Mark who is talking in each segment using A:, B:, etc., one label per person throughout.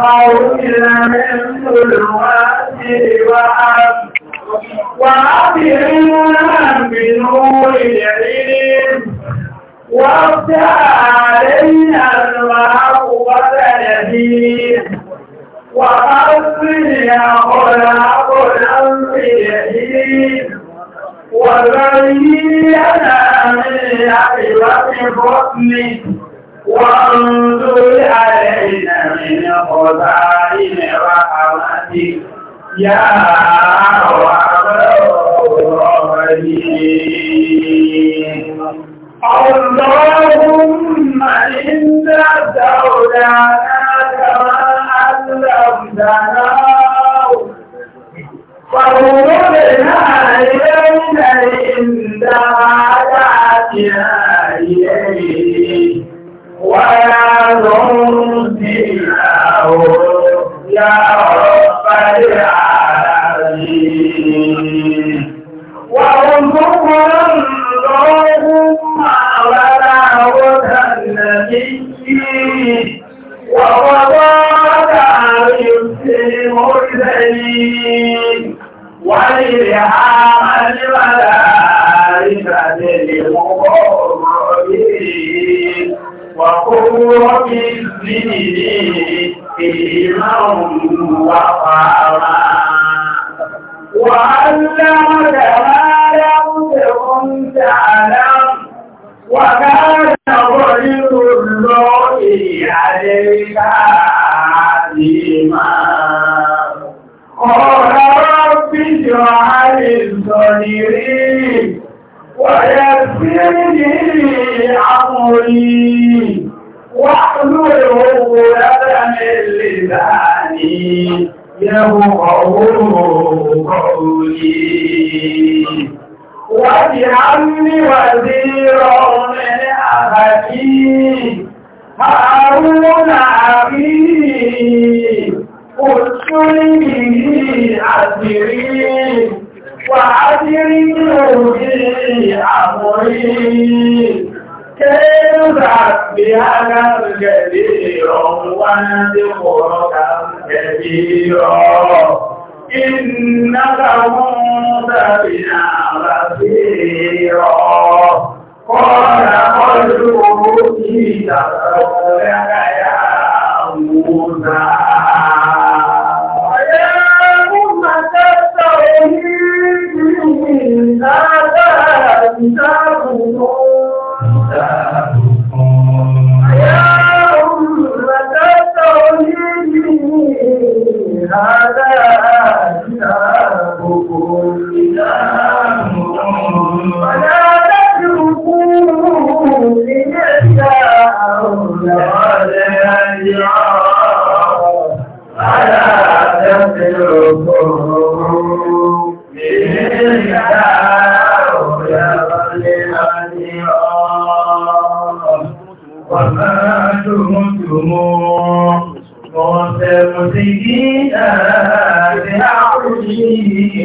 A: أخرجنا من ظلمات وأرض وأبرنا بنور العلم وافتح علينا الماء وسنهين وأصلنا خلقنا في يهين وبين لنا من عبرة بطنك وانظر علينا من خزائن رحمتك
B: يا اللهم
A: إن دولنا كما علمتنا فارضنا علينا عند حياتنا إليك ولا ننزله يا رب العالمين وانظر اللهم على هدى النبي ووضعك في المرسلين وللعمل ولا nídìí ìmáhùn wà pààrà. وعلمك ما لم تكن تعلم وكان فضل الله عليك عظيما قال رب اجعل الظالمين ويسر لي امري واحلله لبن اللباني يبغضه قولي واجعلني وزيرا من أهلي هارون أخي قلت أسري وأجرني في أمري كيف بهذا كثير ونذكرك كثيرا إنك كنت بنا بصيرا قال قلبه في تقولك يا موسى يا أمة التوحيد لا تنسى هذا
B: كتابكم
A: فلا تتركوه لنساء ولا يجعل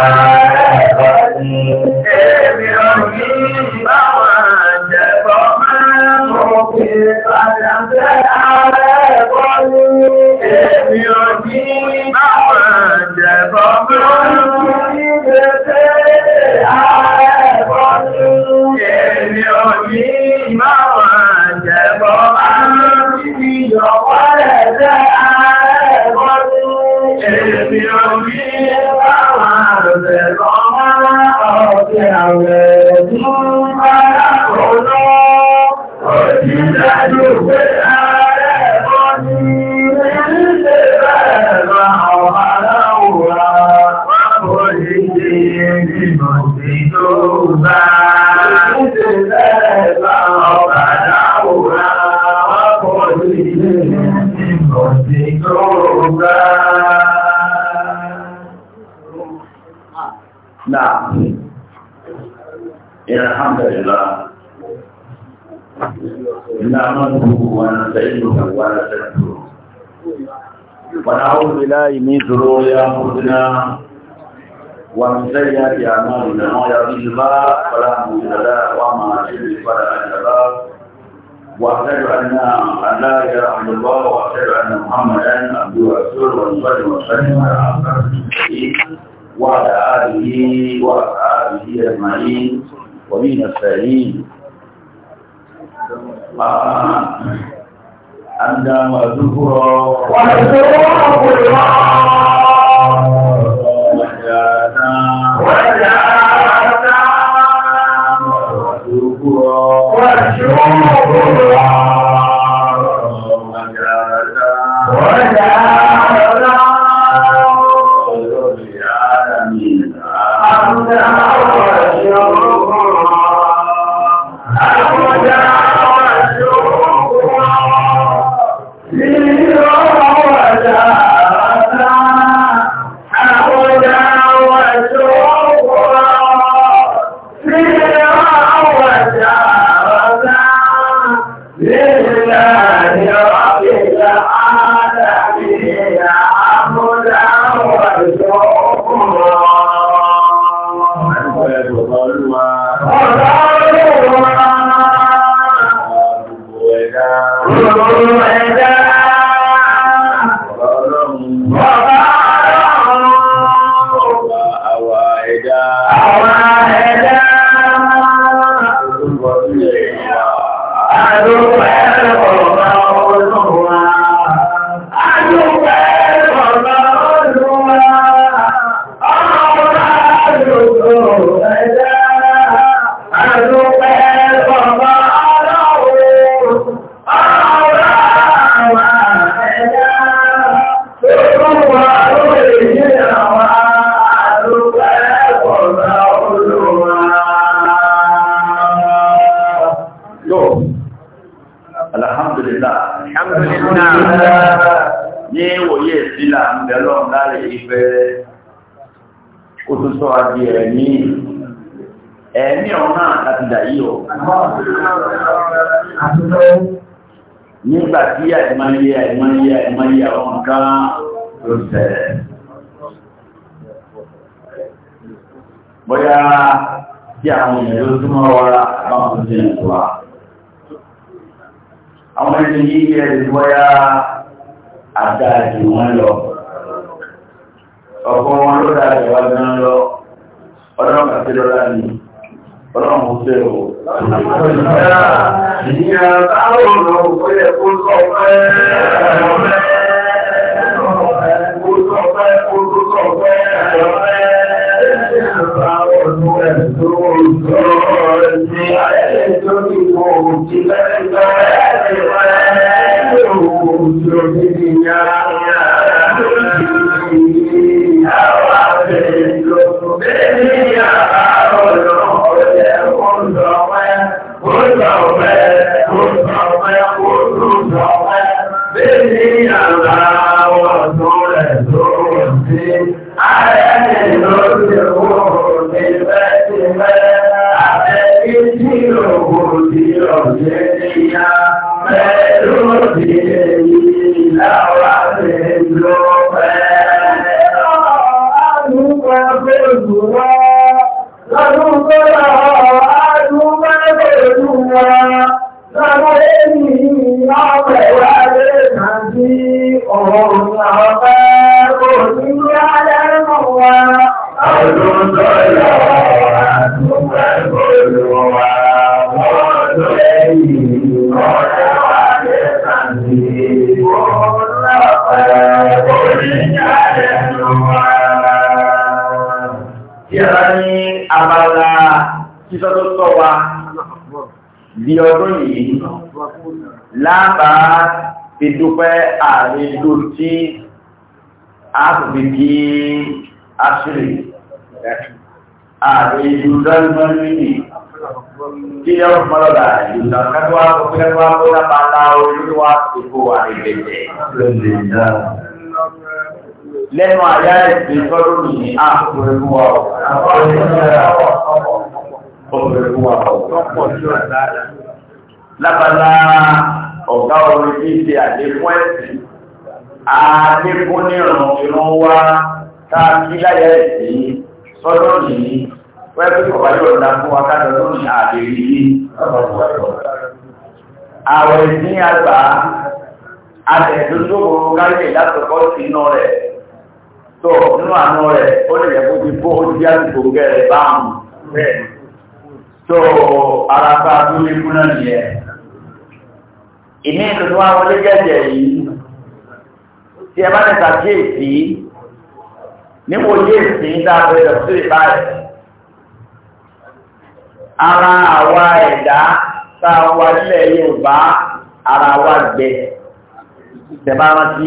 A: Amen. Uh... ونعوذ بالله من شرور أنفسنا ومن سيئات أعمالنا من يهده الله فلا مضل له ومن يضلل فلا هادي له وأشهد أن لا إله إلا الله وأشهد أن محمدا عبده ورسوله ونصلي ونسلم على أشرف وعلى آله وأصحابه أجمعين ومن السائلين آه. أندام زهرا وزهرا fi dúpẹ́ ààrin ìlú tí a fi kí aṣírí ààrin ìlú dánimọ́lìmì tí yọ́ mọ́lọ́dà ìlú kátọ́wà pẹ́lẹ́wà tó lápá láwọ́ olúwà ìkó àìbẹ̀jẹ̀
B: lẹ́nu àyá ìpín tọ́rọ ní àpòrẹ̀múwà ọ̀pọ̀lẹ̀múwà
A: ọ̀gá orin tí ṣe àdékún ẹ̀sìn àdékún nírùn ìrún wá káàkí láyé ẹ̀sìn sọ́dọ̀ yìí pẹ́ẹ́pẹ́ kọ̀wáyé ọ̀dá fún akádọ̀ tó ní àdèrí yìí àwẹ̀ ní àgbà àtẹ̀dúndógoro káyé látọ̀kọ́ sí iná rẹ̀ tó nínú àánú rẹ̀ ó lè yẹ kó ti kó ó di àdúgbò gẹ̀rẹ̀ báàmù tó ara bá tó lé kúnlẹ̀ nìyẹn ìní ìtòtò wa wọlé jẹjẹ yìí tí ẹ bá ní sàkíyèsí níwò yéèsì ń dáàbò ẹ̀dọ̀ sí ìbáyìí ara àwa ẹ̀dá tá a wà nílẹ̀ Yorùbá ara wa gbẹ tẹ̀ bá rántí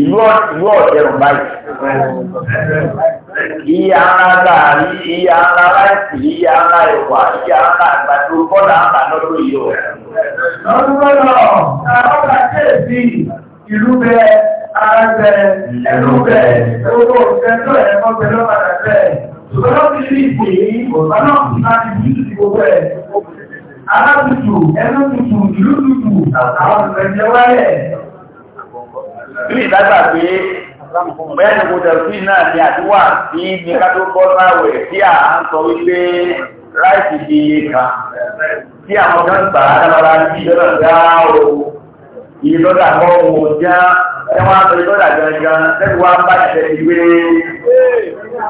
A: ìlú ọ̀tẹ̀rùn báyìí iye ara gàárì iye ara láìsí iye ara ẹ̀wà iye ara àgbàdo bọ́lá àbánọ́dọ̀ yìí ọ̀. lọ́dúnlọ́dọ̀ àwọn àti èsì ìlú bẹ ara bẹ ẹnu bẹ owó ìfẹ́tọ̀ ẹ̀kọ́ bẹ lọ́pàá bẹ ṣùgbọ́n lọ́pàá ti rí ìpè ọ̀nà láti bí ti gbogbo ẹ̀. ara tutù ẹnu tutù ìlú tutù àwọn ìfẹ̀jẹ̀ wáyẹ̀ ní ìdágbà pé bóyá ní kòtò sí náà ni àdúrà sí ní ká tó bọ́ sáwẹ̀ tí à ń sọ wípé ráìsì di iye kan tí àwọn kan gbà á dábàrá sí ìjọba gbá o iye lọ́dà kọ́ ohun já ẹ wá pẹ̀lú lọ́dà gangan lẹ́nu wá bá ṣẹ̀ ìwé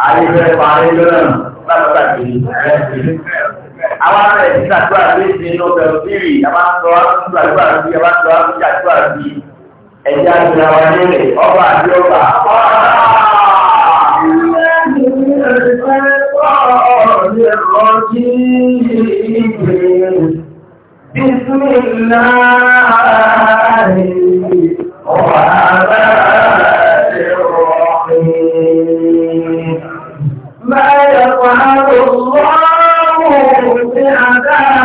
A: àyẹ̀fẹ́ parí lọ́nà láti pàdé
B: àwọn ará ẹ̀ ti gbàdúrà lé ní ọ̀bẹ̀ òbí rì àwọn àtọ́ àtúgbàdúrà sí àwọn àtọ́
A: àtúgbàdúrà sí ẹ̀jẹ̀ àti àwọn nílé ọba àti ọba.
B: بسم الله
A: الرحمن الرحيم ما يفعل الله بعذاب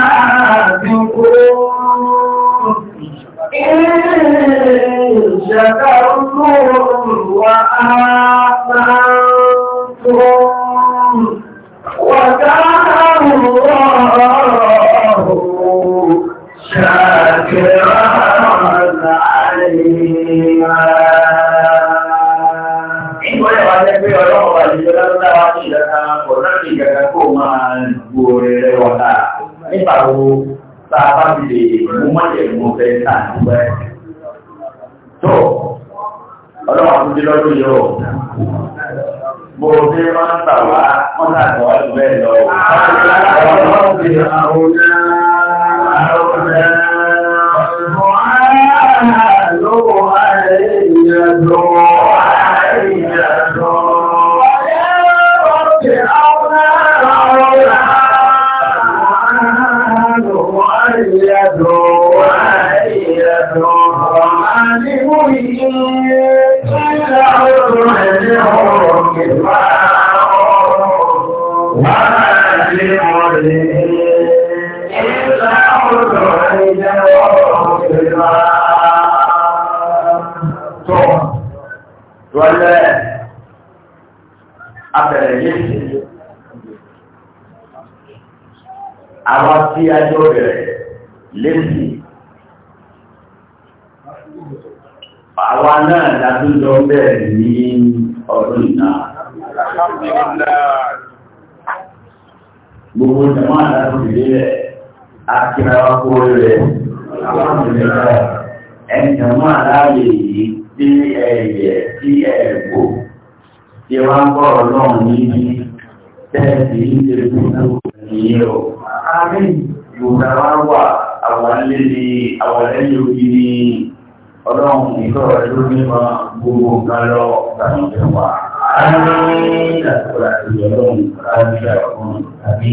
A: jàmọ́ aláàyè yìí tí ẹ̀yẹ̀ tí ẹ̀gbò tí wá ń bọ̀ náà níbi tẹ́ẹ̀sì ìṣe gbogbo ìyẹn o. Gbogbo wa wà àwọn ilé ní àwọn ẹ̀yìn òbí ní ọlọ́run ìtọ́rọ̀ ló ní ma gbogbo nǹkan lọ gbàmọ̀jẹ̀ wà. Àárín ìdàkọ̀lá ìyọ̀lọ́run àti ìdàkọ̀lá tàbí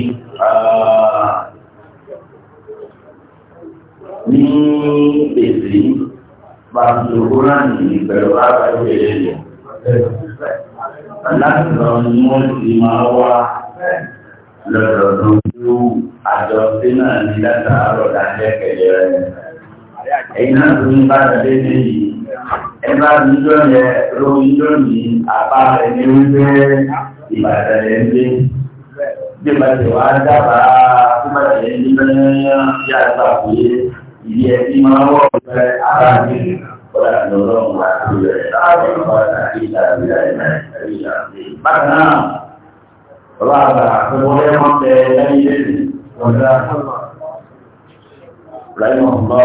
A: ní èsì bagi ukuran ini berapa bedanya. Lantas muslimawah lọ́dọ̀ lójú àjọ tí náà ní láta àárọ̀ dájẹ́ kẹ̀lẹ̀ rẹ̀. Ẹ̀yìn náà tó ń bá rẹ̀ lé ní yìí, ẹ bá mi lọ́yẹ lórí lónìí àbá rẹ̀ ní wípé ìbàdàn rẹ̀ ń gbé. Bí bá ti wá dábàá tó bá ti rẹ̀ ń yá àgbà pé ìdí máa wọ̀ pẹ́ ara mi. ونحن عبد العظيم ونحيد بلادنا النبي العظيم بعدنا رابع وليم سيدين رحمه الله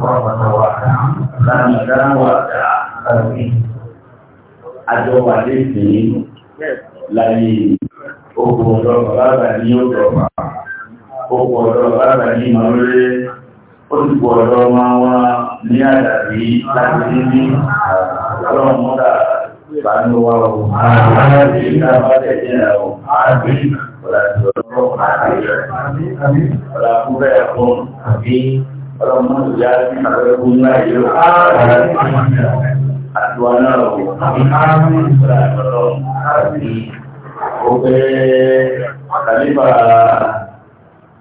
A: رحمة واسعة رحمة واسعة àjọ wà lè sí láyé okùn ọ̀dọ́ bàbá ní ọ̀dọ̀ bàbá okùn ọ̀dọ́ bàbá ní ìmọ̀lẹ́ ó ti gbọ́dọ̀ máa wá ní àdàbí láti ní ní ọlọ́run mọ́ta ìbánú wa o àti ìdábá tẹ̀lé ẹ̀ o àti ọ̀làjì ọ̀rọ̀ àti ọ̀làkúbẹ̀ ẹ̀kún àti ọlọ́run mọ́ta ìyá sí àgbẹ̀kún láyé o àti wọn náà o àti ọ̀làjọ̀rọ̀ àti ọ̀pẹ̀ kàlífà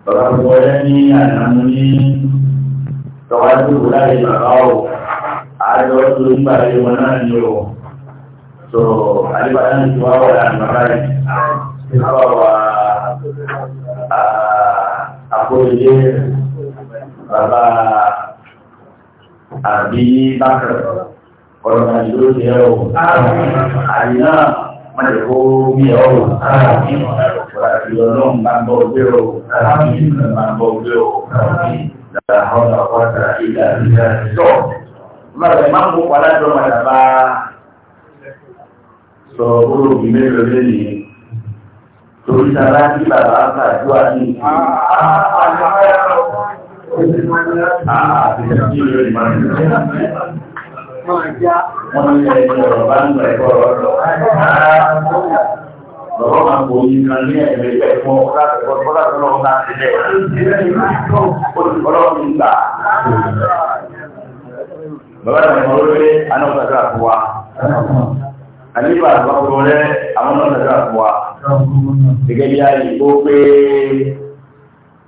A: ọ̀làkúbẹ̀ ní àná ní tọ́wá tó wù láti bàbá o àjọ tó ń gbà lé wọn náà ní o tó àdébàdà ní ti wá wà láti bàbá yìí nípa wà àkóyè bàbá àbí bákan ọ̀rọ̀ àjò ti ẹ̀ o àyìnà mọ̀lẹ̀ kó bí ẹ̀ o àti ọlọ́run bá ń bọ̀ gbé o àti ìgbà bá ń bọ̀ gbé o la hawla quwwata illa billah to mara mambo wala do mara ba so uru gime do le ni to isara ti baba ka ju ani ah ah ah ah Wọ́n ní ẹgbẹ́ ọ̀rọ̀ bá ń gbẹ̀kọ́ ọ̀rọ̀ ọ̀rọ̀ máa kò yí kan ní ẹ̀mẹ́ ìgbẹ́ fún ọlọ́run láti lẹ̀ ọlọ́run gbà.
C: Bàbá ìgbà ìmọ̀ lórí anáwọ̀sájú
A: àfúwa. Àníbà àgbàkọ̀ rẹ̀ àwọn anáwọ̀sájú àfúwa. Gẹ́gẹ́ bí ayé ó pé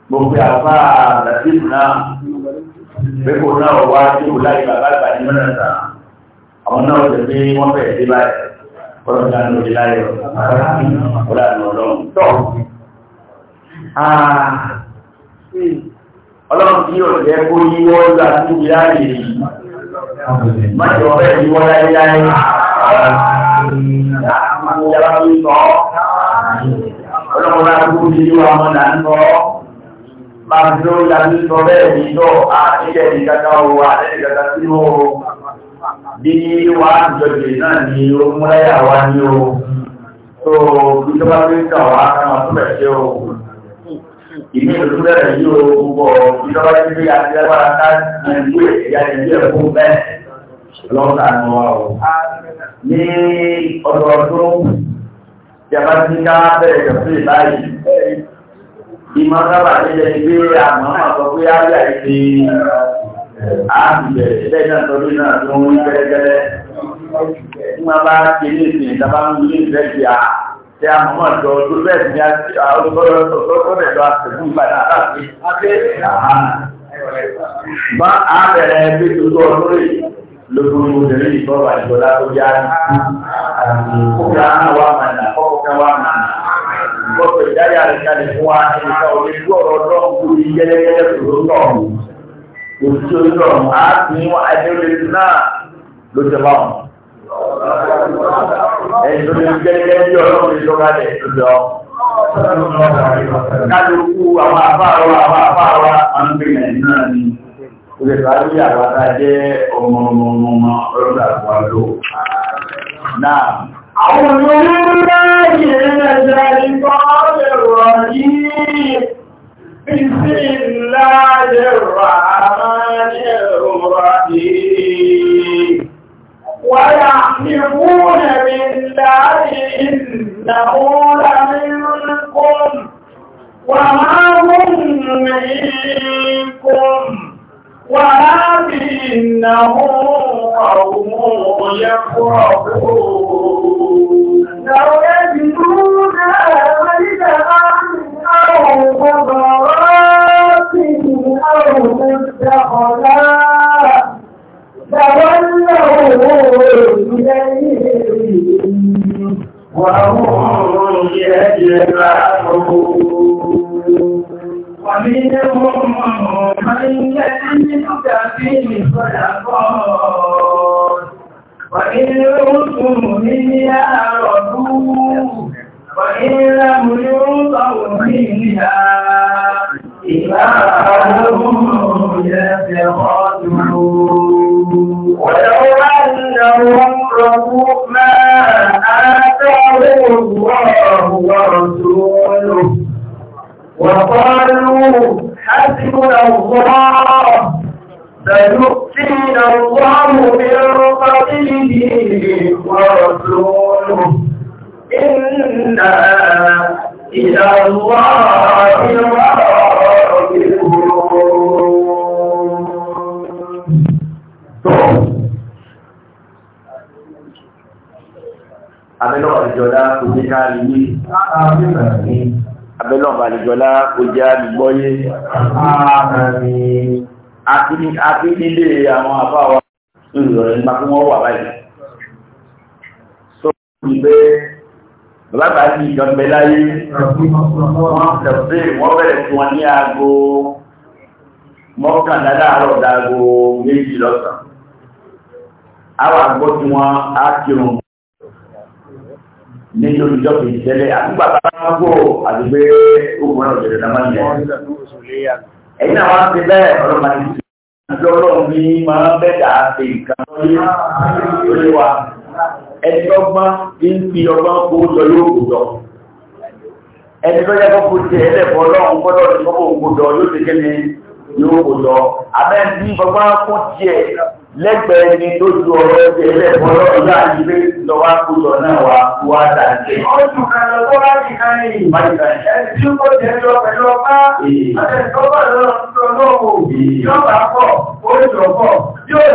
A: gbogbo àfá àdàtìmù náà pé kò náà wá sí ìwòláyé bàbá ìgbà ní mẹ́rin náà. Àwọn náà ó tẹ̀ pé wọ́n fẹ̀ẹ́ sí báyìí ọlọ́dún láàrín òjì láyọ̀ ọlọ́dún ọlọ́run tọ́ ọlọ́run tí yóò jẹ́ kó yíwọ́ ìgbà tí ìyá rẹ̀ yìí májọ ọ̀rẹ́ yíwọ́ láyéláyé ìjọba tó ń sọ ọlọ́run láti kó yíwọ́ àwọn là ń sọ
C: máa bẹ́ẹ̀ ní lọ àti ìjẹ́ ìdájọ́
A: wa àti ìdájọ́ sínú oòrùn bí wà jọjọ náà ni ó múlẹ́yà wá ní o tó bí tó bá fi ń kàn wá kàn tó bẹ̀ ṣe o ìní ìlú bẹ̀rẹ̀ yí o gbogbo ìjọba tí bí agbára ká ìlú ìyá ìlú ẹ̀kọ́ bẹ́ẹ̀ lọ́ta ni wa o ní ọdọọdún ìjọba tí ká bẹ̀rẹ̀ jọ̀fẹ́ báyìí ìmọ̀ sábà nílẹ̀ ìgbé àmọ́ àkọ́kọ́ yá àìsí àbẹ̀ ẹlẹ́dà tọ́lú náà tó ń gẹ́gẹ́gẹ́lẹ́ ní wọ́n bá ti ní ìsìn ìjọba ń ní ìrẹ́jì à tí a mọ̀ tó tó bẹ́ẹ̀ ní ọlọ́dọ̀dọ̀ àtẹ̀kùn ìgbà náà láti
B: bá àbẹ̀rẹ̀
A: bí tuntun ọdún rẹ̀ lóbúrú obìnrin ìbọ̀wà ìjọba tó yá ní kókè àwọn àmàlà kọ́kọ́ wà màlà kọ́kọ́ ìdáyà rẹ̀ kalẹ̀ fún wa ẹnìkan òní gbọ́rọ̀ ọlọ́run kúrú yẹ́lẹ́yẹ́lẹ́ tòótọ́ òtítọ́ nínú ọ̀hún á ti ní wọn àìníwèé náà ló ti bá wọn. ẹ̀yin tó ti ń gẹ́gẹ́ bí ọlọ́run ìjọba rẹ̀ tó jọ. kálukú àwọn afáàrọ̀ àwọn afáàrọ̀ máa ń gbé nàìjíríà ni. o lè fà á bí àwọn ata jẹ́ ọmọ ọmọ ọmọ ọmọ ọlọ́dà fún wa lò. náà. àwọn ọmọ orílẹ̀-èdè náà jẹ́ ìgbà ọ̀rọ̀ yìí. بسم الله الرحمن الرحيم ويحلفون بالله إنه لمنكم وما هم منكم ولكنه قوم يفرحون
B: لو يجدون ملجأ أو مغارات أو مدخلات
A: تولوا إليه وهم يجمعون ومنهم من يلمسك في الصدقات وإن رسل من يعرفون وإن لم يوطوا فيها إلههم يتخاطمون ولو أنهم رضوا ما آتاهم الله ورسوله وقالوا حسبنا الله سيؤتينا الله من فضله ورسوله إنا إلى الله Abẹ́lọ́ àdìjọ́lá kò jẹ́ ká rí ní abẹ́lọ́ àdìjọ́lá kò jẹ́ àdìgbọ́yé. Àti nílé àwọn àbáwà ìrọ̀rẹ̀ nípa kí wà báyìí. Sọ́rọ̀ ìgbẹ́ bàbá bá ní ìjọba láyé wọ́n tẹ̀sí wọ́n bẹ̀rẹ̀ fún wọn ní aago mọ́kànlá láàárọ̀ dáago méjì lọ́sàn àwọn àgbọ́ tí wọ́n á kírun ní olùjọ́ kìí tẹ́lẹ̀ àtúgbà bá wọ́n kó àdúgbé òkúrọ̀ òjòrò náà yẹn ẹ̀yìn àwọn ti bẹ́ẹ̀ ọlọ́mà ní ìjọ́ ọlọ́run bí máa bẹ́ẹ̀ dáa ṣe nǹkan lórí wa ẹ̀dọ́gbá ń fi ọgbá kó lọ yóò kò lọ ẹni tó yẹ kó kó tẹ ẹlẹ́fọ́ lọ́hùn gbọ́dọ̀ ní kó kó lọ yóò ti kéde yóò kò lọ abẹ́ ní ọgbá kó tiẹ̀ lẹ́gbẹ̀ẹ́ ni tó ju ọ̀rọ̀ ẹgbẹ́ ẹlẹ́fọ́ lọ́hùn náà yìí lé lọ́wọ́ kó lọ náà wá wá dà sí. ọdún kan lọ́wọ́ wá ní káyé ẹni ó tẹ lọ lọ́wọ́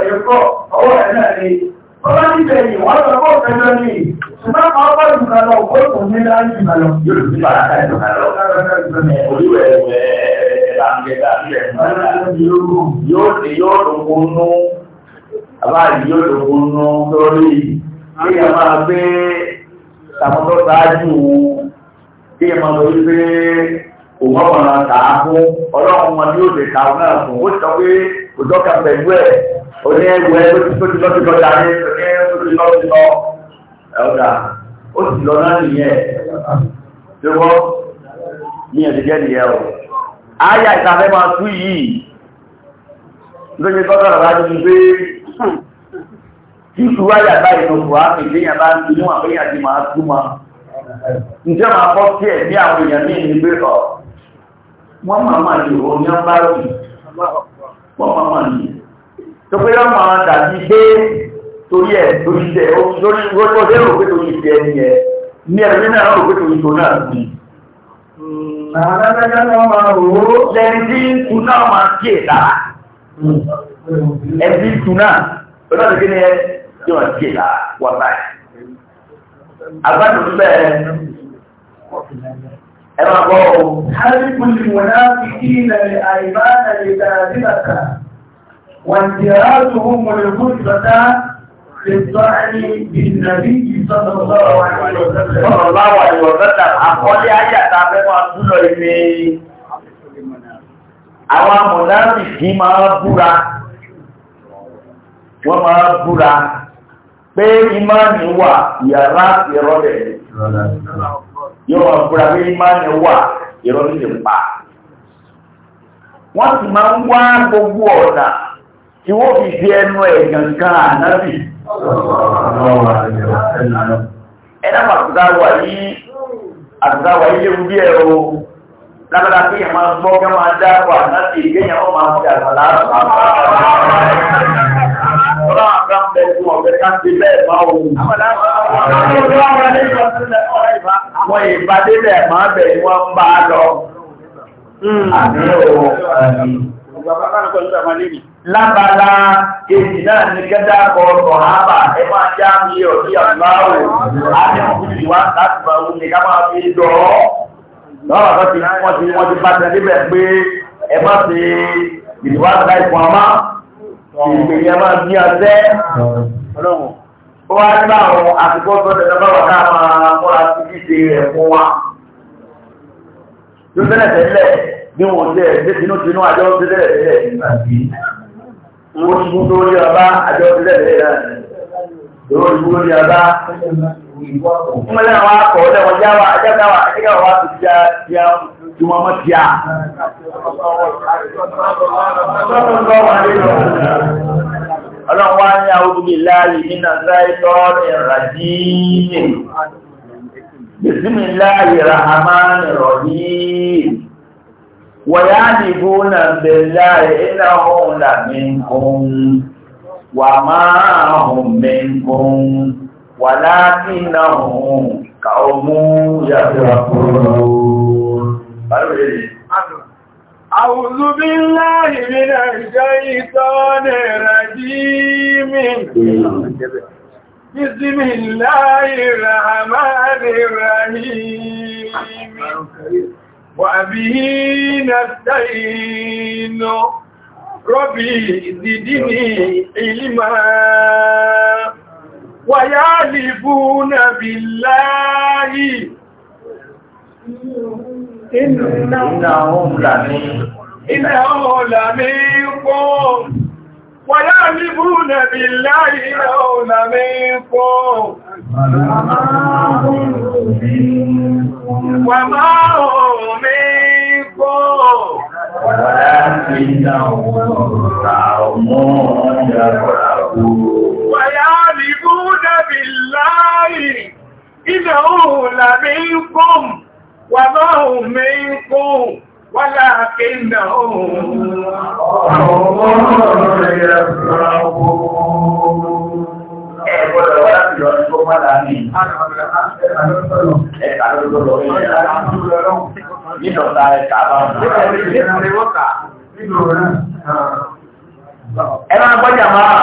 A: lọ́wọ́ yóò Ọlá ti bẹ̀yìn wọ́n lọ bọ́ ọ̀fẹ́ lọ ní ṣùgbọ́n àwọn ọgbọ́n ìdùnkà lọ kó tó ní láyé ìgbà lọ. Yóò ti bá àtà ìdùnkà lọ. Olúwẹ̀ ẹ̀wẹ̀ ẹ̀làǹgẹ̀dà ilẹ̀ yóò ti yóò lókun nú. Àbá yìí yóò lókun nú lórí. Kí ẹ máa gbé tàbọ́tọ́ sáájú kí ẹ máa lọ wípé òun ọ̀pọ̀lọpọ̀ ta fún ọlọ́run wọn ni yóò lè ta náà fún ó sọ pé òjò ka pẹ̀lú ẹ̀ oní ẹ̀wọ̀ ẹ̀ tó ti lọ́ ti lọ dání oní ẹ̀wọ̀ tó ti lọ́ ti ó sì lọ náà nìyẹn wọ́n ní o. máa tú yìí kọ́kọ́ rẹ̀ gbé títú fò léyìn bá ń máa tú ma. ǹjẹ́ máa kọ́ sí àwọn èèyàn ní wọ́n máa máa wọ́n máa máa yìí tó pé yọ́n máa dàbí pé torí ẹ̀ torí tẹ̀ lórí ọjọ́ rò pé torí tẹ̀ ẹni ẹ̀ ní ẹ̀rí náà rò pé torí tó náà sí. Àdájọ́ náà máa rò ó lẹ́ni tí ń tún náà máa kí èdá. Ẹbí tún náà, kí ni ẹ tí wọ́n kí èdá wọ́n báyìí.
B: Àgbàdo bẹ́ẹ̀
A: حلف المنافقين لأيمان لكاذبك وانتراجهم الكذبة للطعن بالنبي صلى الله عليه وسلم صلى الله عليه وسلم àkọlé ayà tá a fẹ́ máa tú lọ ilé àwọn mùnáfìkì máa búra wọ́n máa búra pé ìmáàmì wà yàrá ìrọ́lẹ̀ yóò máa fura pé má ní wà ìrọ́ ní lè pa wọ́n sì máa ń wá gbogbo ọ̀nà tí wọ́n fi di ẹnu ẹ̀ gangan ànábì ẹ̀dá pàtàkì wà yìí àtàkì wà yìí léwu bí ẹ̀rọ lábàdà pé yẹn máa gbọ́ kí wọ́n máa dáàbò ànábì kéèyàn ó máa fi àgbàlá àgbàlá ọ̀rọ̀ àkàǹbẹ̀ tí wọ́n fẹ́ ká ti bẹ́ẹ̀ máa wù. Àwọn ìbádé bẹ̀ máa bẹ̀ ni wọ́n bá a lọ. Lábala kejì náà ni kẹ́dá kọ sọ̀hábà ẹ máa já mi ọ̀dí àbúláwò láti ọkùnrin ìwà láti máa wú ni ká máa fi dọ̀ Lọ́wọ́ ìgbèyà máa bí ọtẹ́ ọlọ́run ó wá nígbà àwọn àsìkò ọ̀sọ̀tẹ̀ lọ́bà wà ká máa múra sí ṣíṣe rẹ̀ fún wa tó tẹ́lẹ̀ tẹ́lẹ̀ bí wọ́n jẹ́ ẹgbẹ́ tinútinú àjọ tẹ́lẹ̀ tẹ́lẹ̀ nígbà tí ó ti kú lórí ọba àjọ tẹ́lẹ̀ tẹ́lẹ̀ náà lórí kú lórí ọba بسم الله الرحمن الرحيم ويعجبون بالله انهم لمنكم وما هم منكم wàláàkínàhùn kàọmú yàtọ̀ أعوذ بالله من الشيطان الرجيم بسم الله الرحمن الرحيم وأبه نستعين ربي زدني علما ويعذبون بالله إنهم لمنكم ويعذبون بالله إنهم لمنكم وما هم
B: منكم ولكنهم قوم يفرقون
A: billahi ìdàhùn làbí kùm wà bá òmí kùm wà láàkí ìdàhùn Ẹgbọ́dọ̀ wá láti lọ ní kó má láàrin. Ẹ̀kà lọ́dọ̀ lọ rí ẹ̀rọ. Nítọ̀ta ẹ̀kà bá wọn. Ẹ̀rọ agbọ́jà máa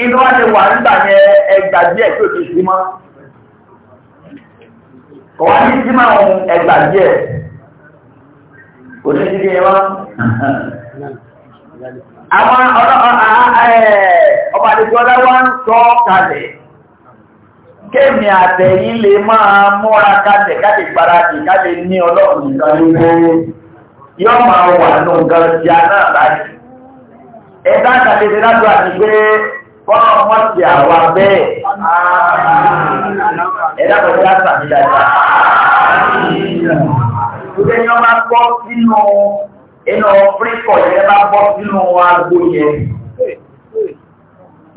A: Inú wá ti wà nígbà yẹn ẹgbà díẹ̀ ti sí mọ́. Kọ̀wá ní sí máa ń ẹgbà díẹ̀. Kò ní sí kí àwọn ọba àdìsọ́lá ń sọ kalẹ̀ kéèmì àtẹ̀yìn lè máa múra kalẹ̀ káàkiri gbáradì káàkiri ní ọlọ́run nìkan ní gbogbo yọ́ máa wà ní nǹkan tí ẹ̀dá àtàtẹ̀tẹ̀ láti wà ní pé fọ́nà wọ́n ti àwà bẹ́ẹ̀ ẹ̀dá àtàtẹ̀ láti àmì dáadáa. Ìgbẹ́ ni wọ́n máa gbọ́ sínú inú fríkọ̀ yẹn bá gbọ́ sínú agbo yẹn.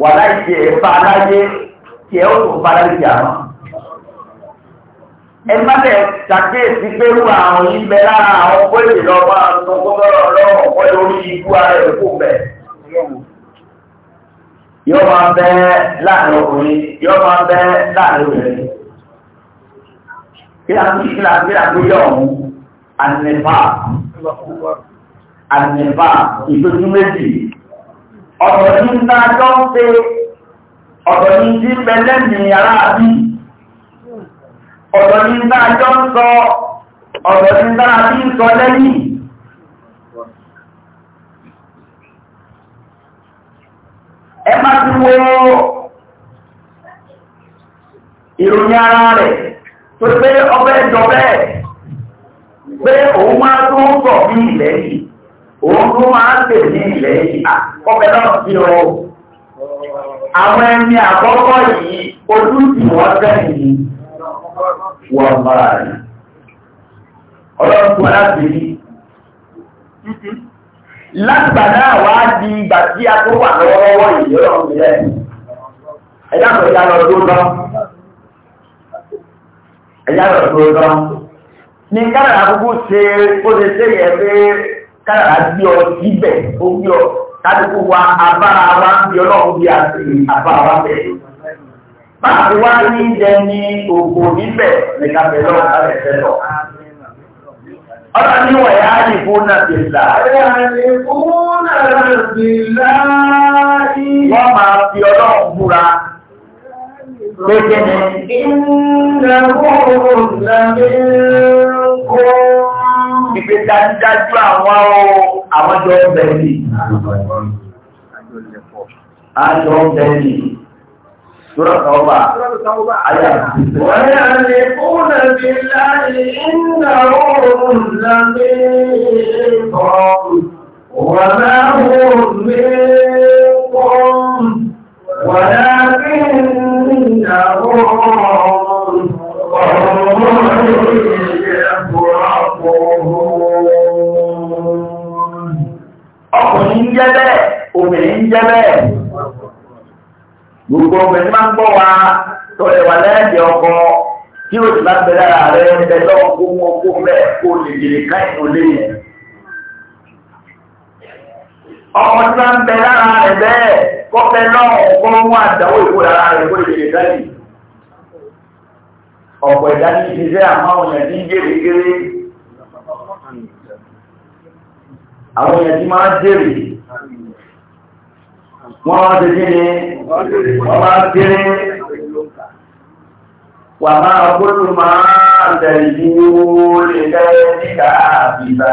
A: Wà láì ṣe ẹ̀fà aláyé kí ẹ ó tún fara ìjà náà. Ẹ má bẹ̀ ṣàkíyèsí pé irú àwọn yìí bẹ lára àwọn gbèsè lọ́wọ́ àwọn tó gbọ́dọ̀ lọ́wọ́ ọ̀pọ̀ lórí ikú ara ẹ̀ kó bẹ̀ yóò máa bẹ́ láàrin ọkùnrin yóò máa bẹ́ láàrin obìnrin kí a ń kí a kí a kó yọ ọ̀hún ànìfà ànìfà ìtòjú méjì ọ̀dọ̀ ní ń dájọ́ ń pé ọ̀dọ̀ ní tí pẹlẹ́mì aláàbí ọ̀dọ̀ ní ń dájọ́ ń sọ ọ̀dọ̀ ní ń ń sọ lẹ́yìn ẹ má ti wo ìròyìn ara rẹ̀ tó pé ọbẹ̀ jọ bẹ́ẹ̀ pé òun máa tó ń bọ̀ bí ilẹ̀ yìí òun tó máa ń pè ní ilẹ̀ yìí àkọ́kẹ́ náà sí ọ àwọn ẹni àkọ́kọ́ yìí ojú tí wọ́n sẹ́yìn wọ́n bára rẹ̀ ọlọ́run tó láti rí látìgbà náà wá di ìgbà tí a tó wà lọ́wọ́lọ́wọ́ yìí lọ́wọ́ ìbílẹ̀ ẹ̀yà lọ sí alọ́ tó tán ẹ̀yà lọ tó tán ní kánàdà kúkú ṣe ó ṣe ṣe yẹ pé kánàdà gbé ọ síbẹ̀ ó gbé ọ kádùkú wa abára wa ń bí ọlọ́run bí a sì abára wa bẹ̀. báwo wá ní ìdẹni òkò níbẹ̀ nìkan bẹ̀ lọ́wọ́ ọ̀rọ̀ ní wọ̀ yá ní fúnà ti là. Wọ́n máa fi ọlọ́run búra. Gbégbé ni. Ìpè dájúdájú àwọn o, àwọn jọ bẹ̀rẹ̀. Àjọ bẹ̀rẹ̀. سورة التوبة ويعرفون بالله إنهم لمنكم وما هم منكم ولكنهم Ọkùnrin jẹ́ bẹ́ẹ̀, obìnrin jẹ́ bẹ́ẹ̀ gbogbo ọmọ ẹni máa ń gbọ́ wa tọ́ ẹ wà lẹ́yìn ọkọ tí o sì bá bẹ lára rẹ ẹ lọ́wọ́ kó wọn kó bẹ́ẹ̀ kó lè lè ká ìtò lé yẹn. ọmọ tí wọ́n ń bẹ lára rẹ bẹ́ẹ̀ kọ́fẹ́ náà kọ́ wọn àdáwọ̀ ìkó lára rẹ kó lè lè ká yìí. ọ̀pọ̀ ìdá ní ìṣiṣẹ́ àwọn èèyàn ti ń àwọn èèyàn máa ń jèrè wọ́n wá ti kí ni wọ́n wá kéré wà máa gbóòrò máa tẹ̀lú ilẹ̀ nígbà àbíbá.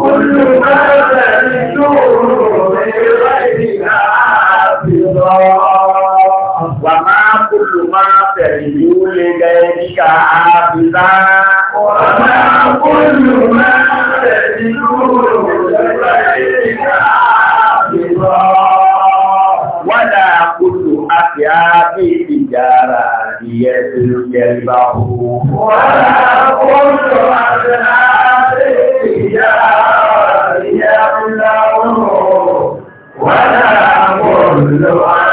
A: Olùdó máa tẹ̀lú ilẹ̀ nígbà àbíbá. Wà máa gbóòrò máa tẹ̀lú ilẹ̀ nígbà àbíbá. Wà máa gbóòrò máa tẹ̀lú يذبحه ولا كل أزلاب يملأه ولا
B: كل أزلاب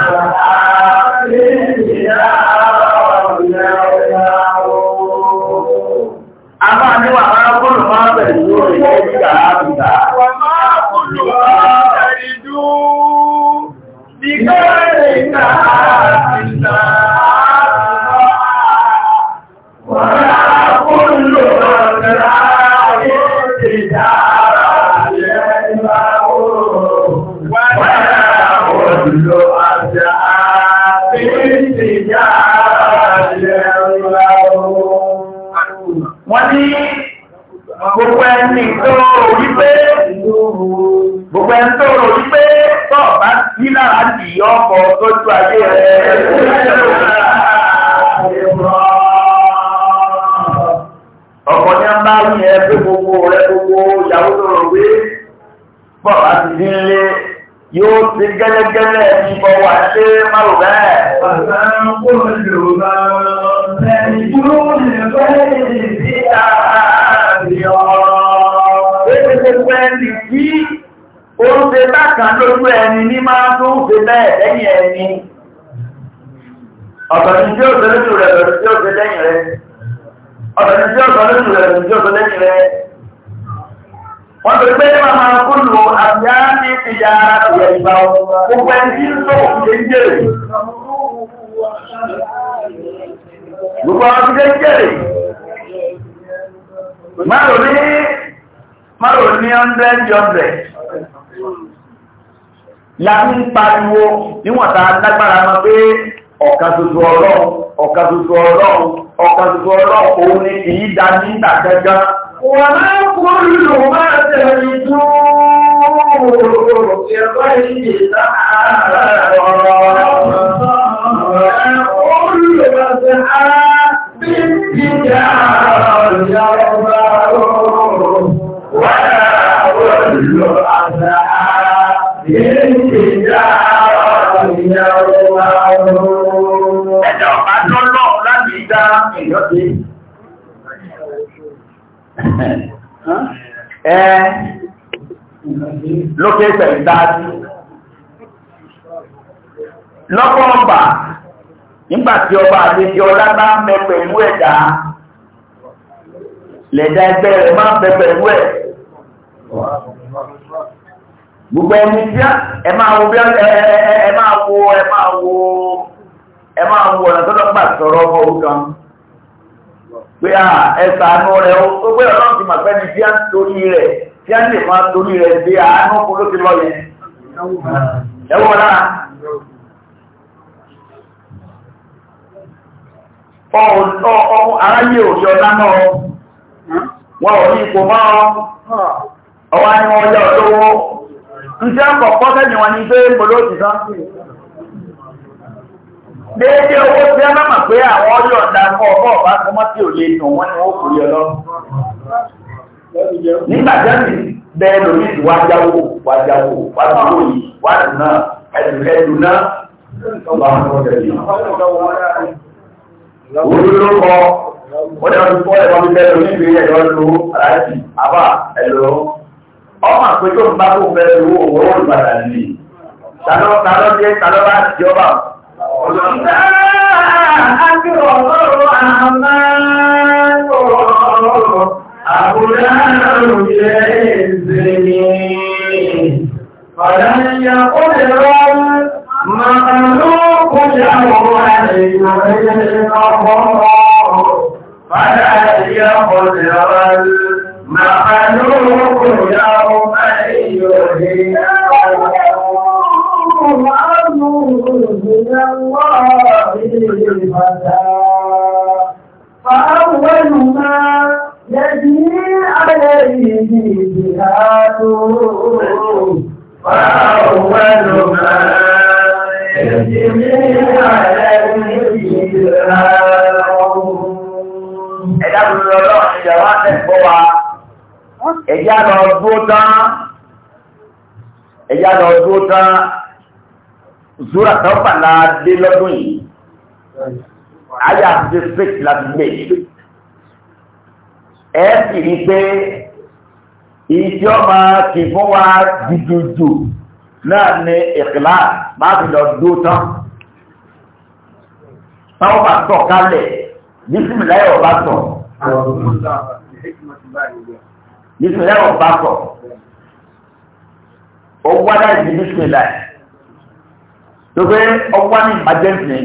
B: ìyọ́ ọkọ̀ tọ́jú ayé rẹ̀. Ọkọ̀ ní ń bá wí
A: ẹ pé gbogbo rẹ gbogbo ìyàwó tó rò pé pọ̀ láti dín lé yóò ti gẹ́lẹ́gẹ́lẹ́ ní ọwọ́ àṣẹ márùn bẹ́ẹ̀. Bàbá ń kó lè rò bá ẹni tó lè bẹ́ẹ̀ ṣe bákan lójú ẹni ní máa tó ń ṣe bẹ́ẹ̀ lẹ́yìn ẹni ọ̀tọ̀ni tí ó ṣe lójú rẹ̀ lọ́dún tí ó ṣe lẹ́yìn rẹ̀ ọ̀tọ̀ni tí ó ṣe lójú rẹ̀ lọ́dún tí ó ṣe lẹ́yìn rẹ̀ wọ́n tó gbé ní màmá kúlù àbíá ní ìyá ìyẹ̀ ìgbà gbogbo ẹni tí ń tó òkúté ń jèrè
B: gbogbo àwọn òkúté ń jèrè má lò ní
A: má lò ní hundred láti ń pariwo níwọ̀n tá a lágbára mọ́ pé ọ̀kan tuntun ọlọ́run ọ̀kan tuntun ọlọ́run ọ̀kan tuntun ọlọ́run òun ni kì í da wọ́n máa máa tẹ̀lé Ẹjọ́ àjọ́ lọ láti dá ìyọ́dé. Ẹ lókè pẹ̀lú dáadé. Lọ́pọ̀ ọba, nígbàtí ọba àdéjọ lábá mẹ pẹ̀lú ẹ̀dá, lẹ̀dá ẹgbẹ́ rẹ̀ máa pẹ̀ pẹ̀lú ẹ̀ gbogbo ẹni tí ẹ máa wo bí ẹ máa wo ẹ máa wo ẹ máa wo ọ̀nà tó lọ́gbà sọ̀rọ̀ ọmọ òrukàn pé à ẹ ṣàánú rẹ ó gbé ọlọ́run ti mà fẹ́ ni tí a ń torí rẹ tí a ń lè máa torí rẹ bí àánú kó ló ti lọ yẹn ẹ wọ náà ọmọ aráyé òṣì ọ̀dá náà wọn ò ní ipò mọ́ ọ ọwọ́ ni wọ́n yá ọ ǹjẹ́ àkọ́kọ́ sẹ́yìn wọn ni pé mbolo ti sán déédé owó tí a máa pé àwọn ọjọ́ ọ̀dà kọ́ ọ̀bọ̀ ọ̀bá kọmọ́ tí ò lè nù wọ́n ni wọ́n kò yọ lọ nígbà jẹ́mi bẹ́ẹ̀ lórí wájáwó wájáwó wájáwó yìí wájú náà ẹ̀dùn ẹ̀dùn náà ọba àwọn ọ̀dẹ̀ yìí
B: orí ló kọ́ wọ́n ni wọ́n ti fọ́ ẹ̀kọ́ mi bẹ́ẹ̀ lórí ìgbéyàwó ẹ̀rọ lò
A: ó aláìsí àbá ẹ̀lọ́ ọmọ àpéjọ ń bá kó fẹ́ owó owó ìpadà lè tàlọ́ tàlọ́ jẹ́ tàlọ́ bá jọba Fàdá ìyá ọ̀dẹ̀ ọ̀rẹ́ مخلوق يومئذ
B: وأمره
A: من الله فتاه فأول ما يجري عليه جهاده فأول ما يجري عليه جهاده. إذا الله يراك هو ẹ̀yà lọ dúó tán ẹ̀yà lọ dúó tán zúra tọ́pà náà dé lọ́dún yìí àyà ti six láti gbé ẹ̀ sì rí pé ìjọ máa kì fún wa dùdùdù náà ni ìkìlá máa fi lọ dúó tán táwọn bá tọ̀ kálẹ̀ bísí mi láyọ̀ tọ̀ bísímìlá wọn bá kọ ọwọ́ adáyé ní bísímìlá tó pé ọwọ́ ní emergency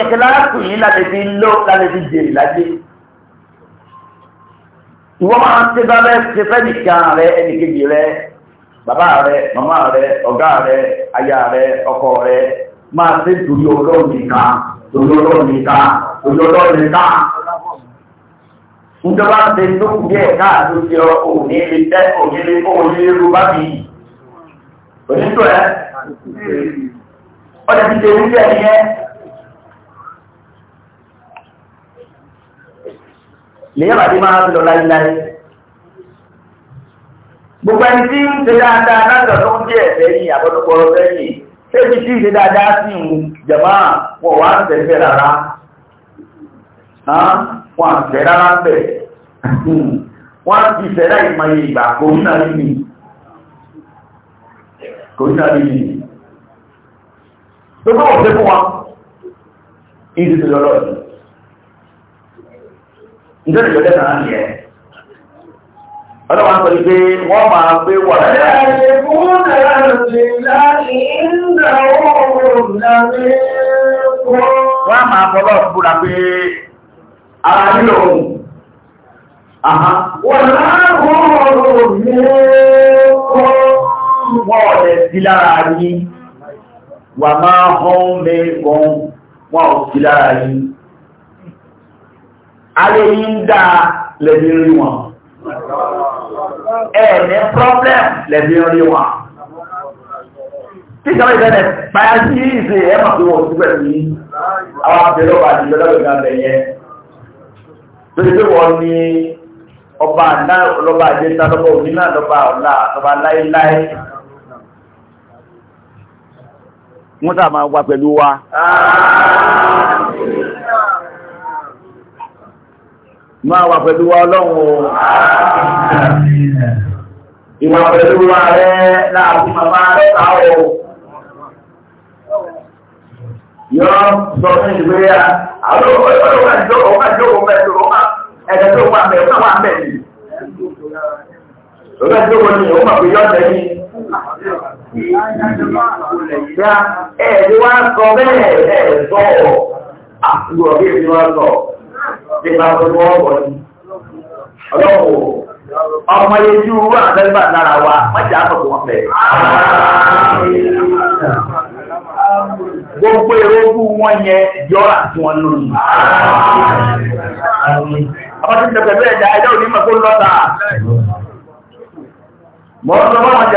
A: ìkìlá kùnyìn láti fi ló láti fi jèrè láti ìwọ́n máa ń ṣe bá bẹ́ẹ̀ ṣe fẹ́ nìkan rẹ ẹnìkejì rẹ bàbá rẹ màmá rẹ ọ̀gá rẹ aya rẹ ọkọ rẹ máa ṣe torí ọlọ́run nìkan torí ọlọ́run nìkan torí ọlọ́run nìkan ìjọba ṣe lókùn bí ẹ̀ká àtúnṣe òní lè tẹ́ òní lè kó òní lè ru bá bí yìí onítọ̀ ẹ́ ọdẹ ti ṣe wíjẹ́ ìyẹn lèyìn àbàdí máa ń lọ láíláí gbogbo ẹni tí ń ṣe dáadáa látọ̀ tó ń díẹ̀ sẹ́yìn àbọ̀dọ̀pọ̀rọ̀ sẹ́yìn ṣébi tí ń rárá wọn àfẹ́ rárá bẹ̀ wọ́n ti fẹ́rá ìmọ̀ye ìgbà kòrínà nínú kòrínà nínú tó bọ́wọ̀ fẹ́ fún wọn ìdí tó lọ́rọ̀ ìjọ́ ìjọ́jẹ́ náà ní ẹ̀ ọlọ́wọ́n sọ pé wọ́n máa gbé wà láàrín fún ẹ̀rọ̀ ara nílò ohun wọ́n láàrùn ọ̀rọ̀ mú wọ́n ọ̀lẹ̀ sí lára yín wà máa hàn mẹ́kan wọ́n ò sí lára yín ayé yín dá lẹ́bí rí wọn ẹ̀ẹ̀mẹ́ problem lẹ́bí rí wọn tí ìjọba ìbẹ̀rẹ̀ báyá sí ìṣẹ́ ẹ̀mà tó wọ́n sí pẹ̀lú yín àwọn abẹ́lọ́wà ìjọba torí pé wọ́n ní ọba àná lọ́ba àjẹta lọ́ba òní náà lọ́ba ọ̀la lọ́ba láéláé wọ́n tá máa wá pẹ̀lú wa. máa wà pẹ̀lú wa ọlọ́run o. ìwà pẹ̀lú wa rẹ̀ láàbí màmá lọ́ta o. yọ sọ fún ìgbéyà àwọn ọmọ ìjọ ọmọ ìjọ ọmọ ìjọ ọmọ ìjọ ọmọ ẹ̀jẹ̀ tó wà mẹ́ ọmọ wà mẹ́
B: yìí. ọmọ ìjọ wọn ni ọmọ pé yọ ọ̀dẹ́ yìí. ya ẹ̀ẹ́dì wá sọ bẹ́ẹ̀ ẹ̀ sọ àbúrò bí èmi wá sọ nípa pẹ̀lú ọ̀pọ̀
A: ni. ọlọ́wọ́ ọmọ yejú wà àtẹ́gbà lára wa má jẹ́ àpapọ̀ wọn bẹ̀ gbogbo erógún wọn yẹn yọ́ra tí wọ́n lónìí. Àbájú tẹ̀fẹ̀ bẹ́ẹ̀ jẹ́ ẹjọ́ òní mẹ́kó lọ́ta.
C: Mọ̀ ń sọ báwọn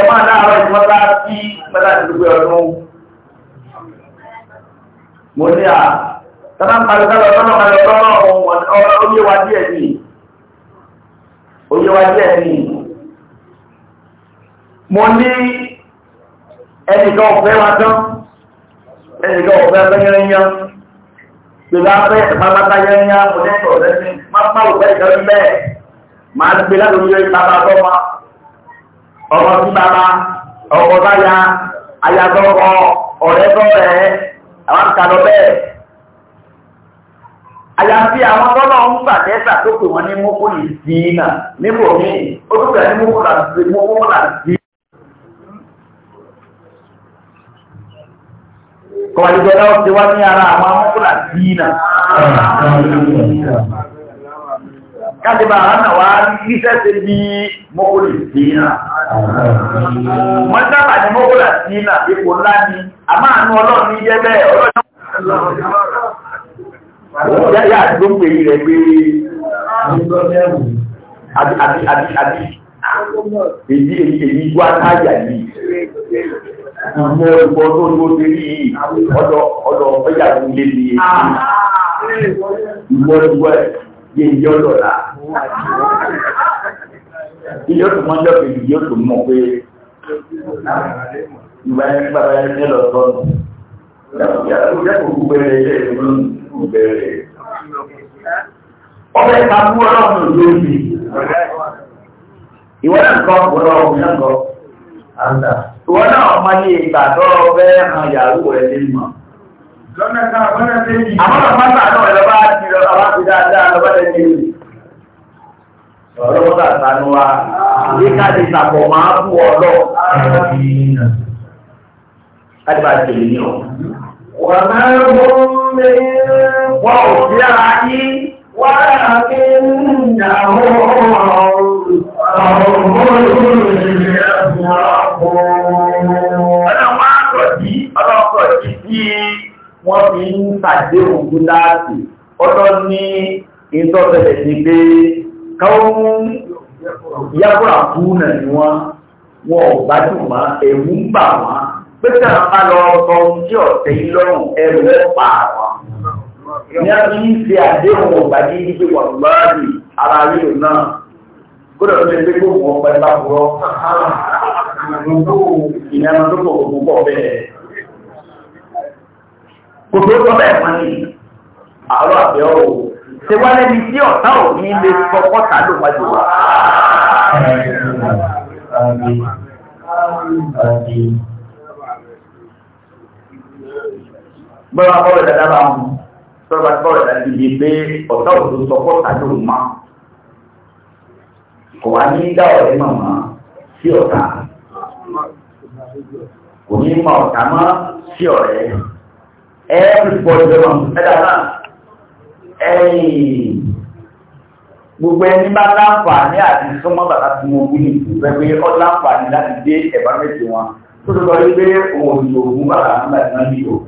A: jẹ Mo ní ẹnìkan ọ̀fẹ́ wa tán ẹnìkan ọ̀fẹ́ abẹ́yẹnyá gbèlú abẹ́ ìpamata yẹnyá onẹ́tọ̀ lẹ́sìn pápá òfẹ́ ìkẹrẹ mẹ́ẹ̀ máa gbé lálórí ẹ̀ bàbá bọ́mọ ọmọ sí bàbá ọkọ̀ báyà ayàtọ̀kọ ọ̀rẹ́ tọ́rẹ́ àwọn kàlọ́ bẹ́ẹ̀. àyàfi àwọn tọ́lọ̀ ń gbàdẹ́sà tó pè wọ́n ní mọ́kò yìí sí náà níbo mi ó tó gbà ní mọ́kò làǹtí kọ̀wàlìjọ́ dáwọ́ ti wá ní ara àwọn amọ́kùnlá dínà
B: káàdì bá ara náà wá
A: níṣẹ́ ti bí mọ́kùnlá dínà wọ́n sábà ní mọ́kùnlá dínà ipò ńlá ni a máa nú ọlọ́run ní jẹ́ bẹ́ẹ̀ ọlọ́run yáyà tó ń pè yí rẹ̀ pé àbí àbí àbí
B: èyí yìí
A: Ìmọ̀ ẹ̀kọ́ tó ń gbóde rí ọ̀dọ̀ ọ̀dọ̀ ọjà tó lé ní èyí. Ìmọ̀ ẹ̀kọ́ ẹ̀ yé ìyá ọ̀dọ̀ là. Ìyá ọ̀dọ̀ mọ́ jọ́pẹ̀ ìyá ọ̀dọ̀ mọ̀ pé ìgbà yẹn bàbá yẹn ní lọ sọ́nù. Yàtọ̀ yàtọ̀ gbẹ̀rẹ̀ yẹ̀ gbẹ̀rẹ̀. Ọbẹ̀ ta kú ọlọ́run lórí. Ìwọ́n náà kọ́ ọ̀pọ̀lọpọ̀ náà kọ́. Àǹdà. Wọ́n náà mọ́ ní ìgbà tó ọbẹ̀ hàn yàrú rẹ̀ lè mọ̀. Lọ́nà kan, lọ́nà méjì. Àwọn ọmọ náà lọ́wọ́ ti lọ́wọ́ bá ti dáadáa lọ́wọ́ lẹ́yìn ìlú. Ọlọ́wọ́ tàbí wa, ní káàdì ìtàpọ̀ máa bú ọlọ́. Káàdì bá ti lè ní ọ. Wà máa ń mú mi. Wọ́n ò sí ara yín. Wọ́n á fi ń dàrú ọ̀rọ̀ ọ̀rọ̀ ọ̀rọ̀ àdéhùn gúláàsì ọ̀tọ̀ ní ìtọ́sẹ̀lẹ̀ sí pé káwọn yábùrà fúnà ni wọ́n wọ́n gbádùn má ẹ̀wù ń bà wọ́n pé kàn á lọ sọ tí ọ̀tẹ̀ yìí lọ́rùn ẹ̀rù ọ̀pá wọn ní a fi ń ṣe àdéhùn ọ̀gbà ní ibi wà lọ́rì ara ríro náà gbọ́dọ̀ tó ṣe pé kó wọ́n pẹ́ bá burọ́ ìyẹn tó kọ̀ gbogbo bẹ́ẹ̀ kò tó sọ bẹ́ẹ̀ fún mi àárọ̀ àbẹ̀ ọ̀ ṣe wá lẹ́ni tí ọ̀tá ò ní lè sọ kọ́ta ló wá jù wá. bọ́lá bọ́ọ̀lù dáadáa bá mú sọ́lá bọ́ọ̀lù dáadáa bíi pé ọ̀tá ò tó sọ kọ́ta ló má kò wá ní dá ọ̀rẹ́ màmá sí ọ̀tá kò ní mọ ọ̀tá mọ́ sí ọ̀rẹ́ everybody ló rọrùn ẹ̀dá náà ẹ̀yìn gbogbo ẹni bá láǹfààní àti súnmọ́ bàtà tí mo wí pẹ̀lú ọ láǹfààní láti dé ẹ̀bá méjì wọn tó tó sọ wípé òun ìlò ògùn bàtà nígbà tí wọ́n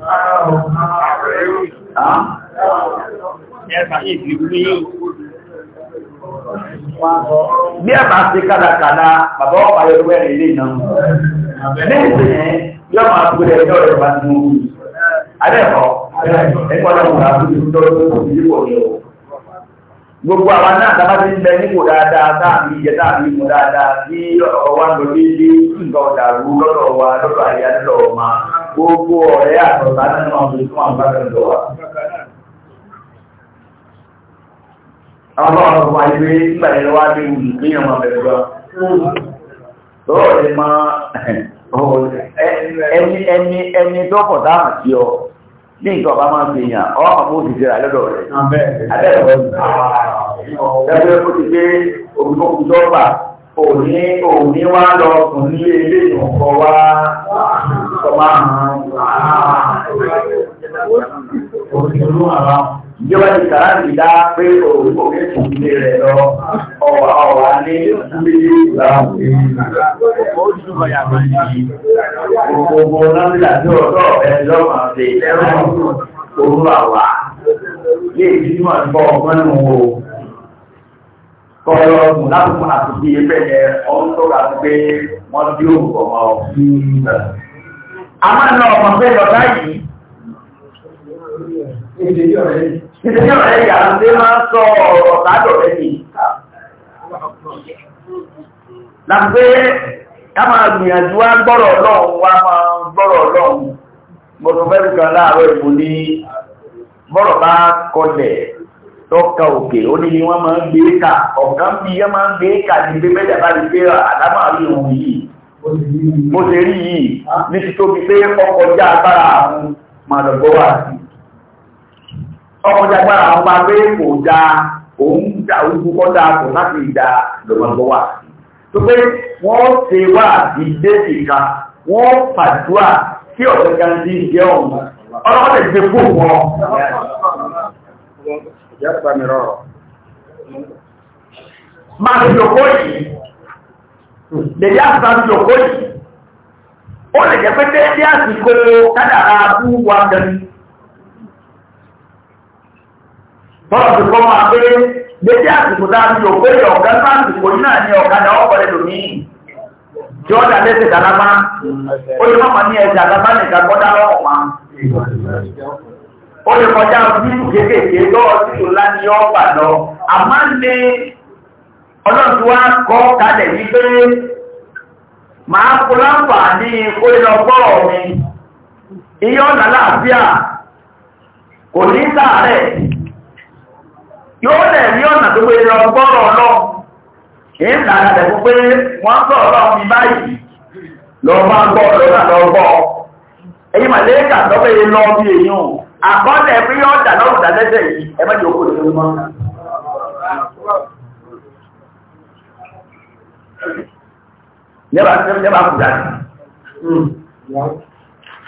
A: nílò. Bí ẹ bá kádàkádà, bàbá ọ̀pá yóò wẹ̀rẹ̀ ilé náà. Ní ìsìn Adẹ́kọ̀ọ́, ẹ̀kọ́ náà wùrà tó ti tọ́ Gbogbo àwọn náà tá ti ń bẹ nípò dáadáa táàmì dáadáa ọ̀rọ̀ ọ̀dàrú wa àyà Gbogbo ọ̀rẹ́ náà ẹni ẹni ẹni dọ́pọ̀ dáhùn sí ọ ní nǹkan ọba máa ń fi yàn ọ́ àpò òṣìṣẹ́ rà lọ́dọ̀ rẹ̀ abẹ́rẹ́ ẹgbẹ́ ó ti gbé olùkọ́kùsọ́gbà òní òní wá lọ sùn nílé ilé ìwọ̀nkọ wá sọ máa hàn án ìjọba ti kàrá ti dá pé òun kò fẹ́ fún ilé rẹ̀ lọ ọ̀wà ọ̀wà ní ilé ìgbà gbogbo lọ́nà tí ọ̀dọ́ ẹ̀ lọ́mà ṣe ẹ̀rọ òun àwà lè fi mọ̀ nípa ọgbọ́n nù o kọ́lọ́ ọ̀gùn lábùkù àtúntì ẹgbẹ́ yẹn ọ̀hún tó ga pé wọ́n dí òun kọ̀ mọ́ ọ. àmọ́ náà ọmọ pé lọ́dá yìí Ìdèjì ọ̀rẹ́ ìyá ṣe máa sọ ọrọ ládọ̀ rẹ̀ ni. Làpé ká máa gbìyànjú wá gbọ́rọ̀ ọlọ́run wá máa gbọ́rọ̀ ọlọ́run. Gbọ́dọ̀ kan láàárọ̀ ìbò ní bọ́rọ̀ bá kọlẹ̀ tọ́ka òkè ó ní wọ́n máa gbé ọ̀gá bí máa gbé ní pé bá lè ọkọjà gbára ọba pé kò da òun da ojú kọ́ da kò láti da lọ́gbọ̀ngbọ̀ wà tó pé wọ́n ṣe wà ìdé ìka wọ́n pàdúrà kí ọ̀sẹ̀ kan ti jẹ́ ọ̀hún ọlọ́wọ́ lè ṣe fún wọn. máa ti jòkó yìí lè yá àti máa ti jòkó yìí ó lè jẹ́ pé déédéé àsìkò kádàrá fún wa gẹ̀ẹ́ bọ́ọ̀lù kọ́ máa pé létí àsìkò tá a ti lò pé ọ̀gá bá àsìkò yìí náà ní ọ̀kadà ọ̀pọ̀lẹ̀ lòmí tí ó dà lẹ́sẹ̀ dálábá ó lè mọ̀mọ́ ní ẹ̀sẹ̀ àdábá nìkan kọ́dá ọ̀pá ó lè kọjá bílù kéékèèké lọ́wọ́ sí ìlú láti ọ̀pá lọ àmọ́ ní ọlọ́run wa kọ́ kalẹ̀ ní pé màá kó láǹfààní kó lọ gbọ́rọ̀ mi iye ọ̀nà láàbíà kò ní sáà rẹ̀ yóò lẹ̀ rí ọ̀nà tó gbé lọ gbọ́rọ̀ ọlọ́run kì í lára rẹ̀ fún pé wọ́n ọgbọ ọlọ́run báyìí lọ bá gbọ́ lọ́nà lọ ẹ̀yìn màlẹ́kà lọ́pẹ́ yẹn lọ bí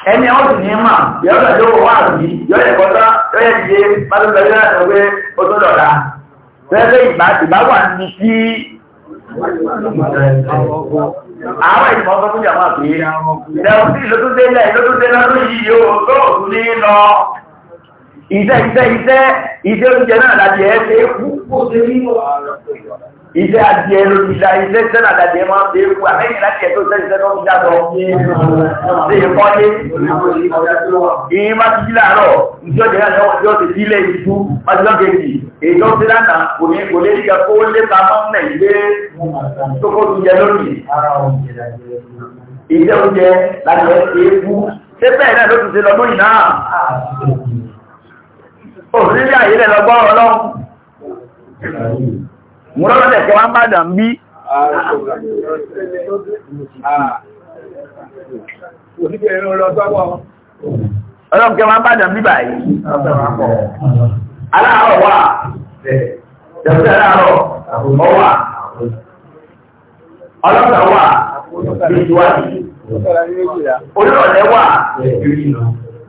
A: èèyàn rí yìí ẹ ó tó dọ̀la fẹ́fẹ́ ìgbà ìgbà wà ní sí àwọn ìmọ̀ ọgbọ́n fún ìyàwó àpè ìdáwọ́ sí ìlótúndé ilẹ̀ ìlótúndé lọ́dún yìí yóò tó òtún ní lọ iṣẹ́ iṣẹ́ iṣẹ́ iṣẹ́ oúnjẹ náà láti ẹ́ ṣe é kú iṣẹ́ adìẹ lórí ìlà iṣẹ́ sẹ́nà àdàdìẹ máa ń bẹ̀rù àmẹ́yìn láti ẹ̀tọ́ sẹ́sẹ́ náà ń dàgbọ́ ṣe é kọ́lé ìyìn bá ti jí láàárọ̀ ìjọ jẹ́ náà lọ́wọ́ ìjọ ti sílẹ̀ ìṣú májọ́ kejì èjọ ti lánà kò ní kò lè ríkẹ́ kó lé ta mọ́nà ìgbé tókó ti jẹ lónìí. ìjẹ́ oúnjẹ láti ẹ̀ ṣe é kú ṣé bẹ́ẹ̀ náà ló ti ṣe lọ́gbọ́n yìí náà òṣìṣẹ́ àyè múrọ́lọ́dẹ̀ kẹwà ń bàdàn bí ọlọ́run kẹwà ń bàdàn bí báyìí aláàrọ̀ wà
B: jẹ̀bùsẹ̀ aláàrọ̀ ọwà ọlọ́ta wà ìjúwájú
A: olóòlẹ́ wà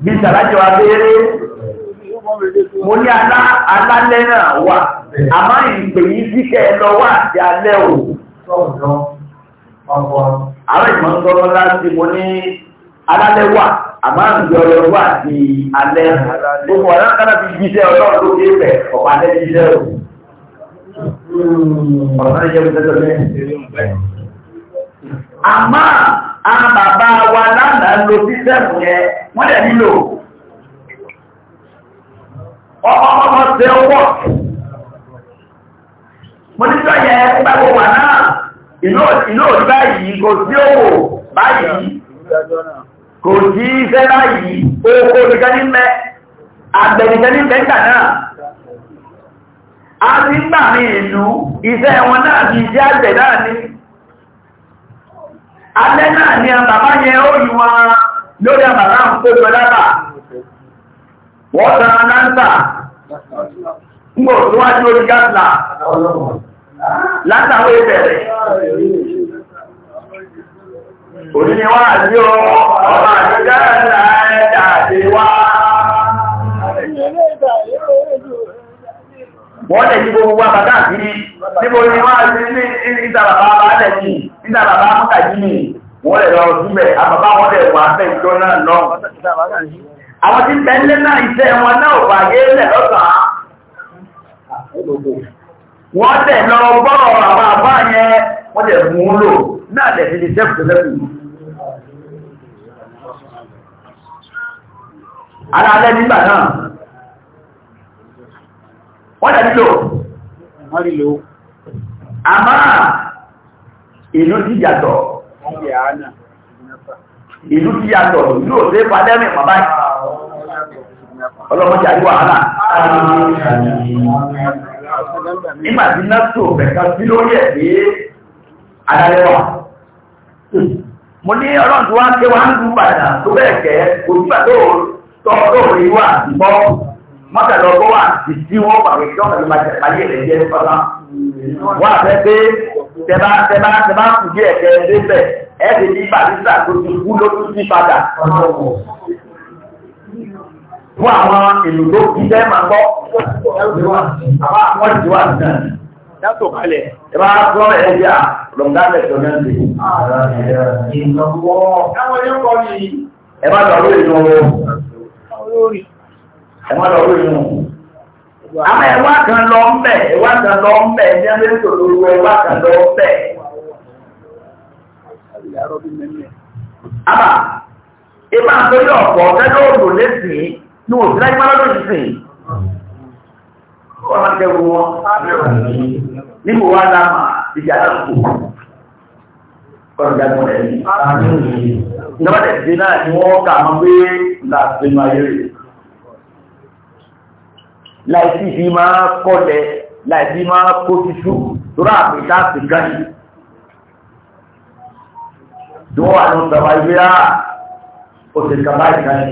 A: bí sàrájọ́ abẹ́rẹ́ mo ní alálẹ́ náà wà àmọ́ ìpè yìí sí kẹ́ ẹ lọ wá àti alẹ́ o. àwọn ìmọ̀ ń sọ́kọ́ láti mo ní alálẹ́ wà àmọ́ àǹjọ lọ wá àti alẹ́ gbogbo ọ̀rẹ́ kára fi jíṣẹ́ ọlọ́run ló dé bẹ̀ ọ̀pá alẹ́ jíṣẹ́ o. ọ̀rọ̀ náà jẹ́ òṣèlú ẹ̀. àmọ́ a bàbá wa lánàá lo sísẹ́mù yẹn wọ́n dẹ̀ nílò ọkọ̀ ọkọ̀ ṣe wọ́ọ̀kì. mo ní sọ yẹ nígbà gbogbo àná ìlú òdí báyìí kò sí òwò báyìí kò sí iṣẹ́ báyìí oko nìkan ní mẹ́ àgbẹ̀nìkan ní mẹ́ta náà a ti gbà ìlú iṣẹ́ wọn náà ti jẹ́ àgbẹ̀ náà ní ni a yẹn ó yí wọn lórí àbàbá ń kó jọ wọ́n tan aláǹtà ń látàwọn ìbẹ̀rẹ̀ òní ni àti ọmọ àjọjọ́ ẹ̀dà ẹ̀dà àti wá
B: wọ́n lè gbogbo wá sí níbo ni
A: ní ìdàbàbà alẹ́ ní ìdàbàbà mọ́kàjí ní wọ́n lè lọ súnbẹ̀ àbàbà wọ́n lè wà fẹ́ ìjọ náà lọ àwọn náà wọn náà wà yé wọ́n tẹ̀ lọ bọ́ọ̀ àbá yẹn wọ́n tẹ̀ mú un lò náà tẹ̀ fi sẹ́kù
B: ara alẹ́ nígbà náà
A: wọ́n tẹ̀ nílò wọ́n nílò àmá ìlú ti yàtọ̀ ìlú ti yàtọ̀ ìlú ò sí àríwá
B: nígbà tí násù bẹ̀ka sí lórí ẹ̀
A: pé adarẹwà mo ní ọlọ́run tí wọ́n ké wá ń dùn padà tó bẹ́ẹ̀ kẹ́ òjúbà tó tọ́ rí wà bọ́ mọ́tàlọ́gbọ́ wà sí tí wọ́n pàwé kí wọ́n fẹ́ máa jẹ pàdé rẹ̀ jẹ́ fọlá wọ́n àfẹ́ pé tẹ́bá tẹ́bá tẹ́bá kù díẹ̀ kẹ́ ẹ́ fún àwọn ìlú tó kí jẹ́ máa gbọ́. Àwọn ti wà nìkan. Yàtò kalẹ̀. Ìbá gbọ́ ẹ̀ jà lọ́ngálẹ̀ tó náà dé. Àwọn yóò kọ́ ni. Ẹ má lọ lórí inú o. Ẹ má lọ lórí inú. Àmọ́ ẹwà kan lọ ń bẹ̀, ẹwà kan lọ ń bẹ̀, ní ẹgbẹ́ tó lóru ẹwà kan lọ ń bẹ̀. Àbá, ìbá àtọ́jú ọ̀pọ̀ ọ̀tẹ́lẹ̀ òdò lẹ́sìn ní wọ́n fi láyé lọ́dún sísìn wọ́n máa tẹ́wọ́ wọn nígbò wá dáma ìjà àkókò ọ̀rọ̀ jágbọ́n rẹ̀ ní ìjọba tẹ̀sí náà ni wọ́n kà mọ́ pé láàpínú ayé rẹ̀ láìsí fi máa kọ́lẹ̀ láìsí máa kó títú lórí àpẹta àpẹta yìí tí wọ́n wà ní ọ̀sán wáyé rà ó ti kàbáyé náà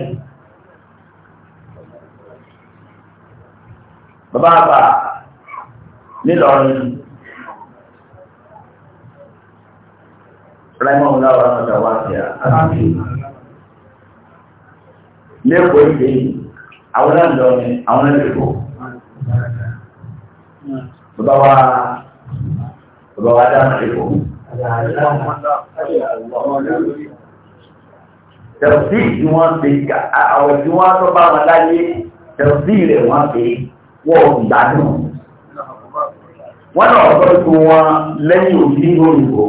A: bàbá àgbà nílọrin raymond lára ọ̀dà wá sí àti lẹ́kọ̀ọ́ ìgbé àwọn ẹ̀lọ́rin àwọn ẹ̀lẹ́kọ̀ọ́ bàbá wa bàbá wa dáná ẹ̀kọ́ tẹ̀sí tí wọ́n ti àwọn tí wọ́n tó bá wọn láyé tẹ̀sí rẹ̀ ti wọ́n gbádùn wọ́n náà tọ́jú wọn lẹ́yìn òbí òyìnbó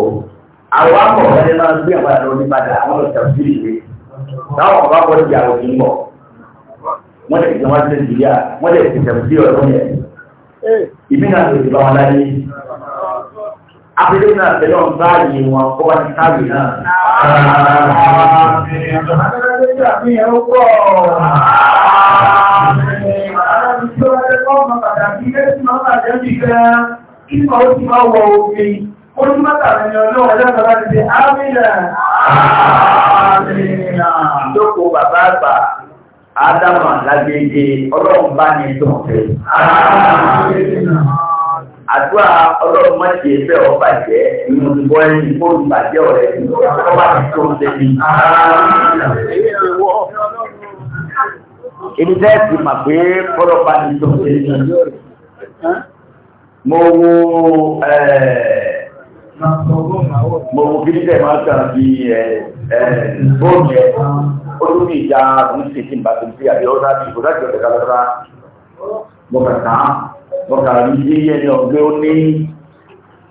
A: àwọn akọ̀wé ní máa ń gbé àwọn àlọ́ nípadà àwọn ọ̀sẹ̀ sí ìwé táwọn ọ̀gá bọ́ sí àwọn òbí mọ̀ wọ́n lè jẹun wáṣẹ́ ìdíyà wọ́n lè tẹ̀sẹ̀ sí ọ̀rọ̀ yẹn ìbí náà lè ti bá wọn láyé abúlé náà tẹ̀lé ọ̀n báyìí wọn kọ́ wá ní káàbì náà. Àwọn ọmọ pàtàkì ilé tí máa bàjẹ́ bí fẹ́ kí máa ó ti máa wọ òkè ó ní mátàrà ni ọlọ́wọ́ lẹ́gbàá bá ti ṣe ámìnà ámìnà lóko bàbá àgbà ádámà lágbègbè ọlọ́run bá ní ìtọ̀fẹ́ àdúrà ọlọ́run má ṣe fẹ́ ọ bàjẹ́ ìmọ̀ ìbọn ẹni kó ń bàjẹ́ ọ̀rẹ́ ọba tó ń tẹ̀lé
B: ibi tẹ́ ti mà pé
A: kọ́rọ̀ bá ní tó ṣe mo wo mo wo kí nígbà máa tàn bí bóòmù ẹ̀ ó tún ní ìjà àwọn ìṣèṣì ń bá tó sí àbí ọ̀dà tí kò dájú ọ̀dà lọ́dà mo kà tán mo kà rí yíyẹ ní ọgbẹ́ ó ní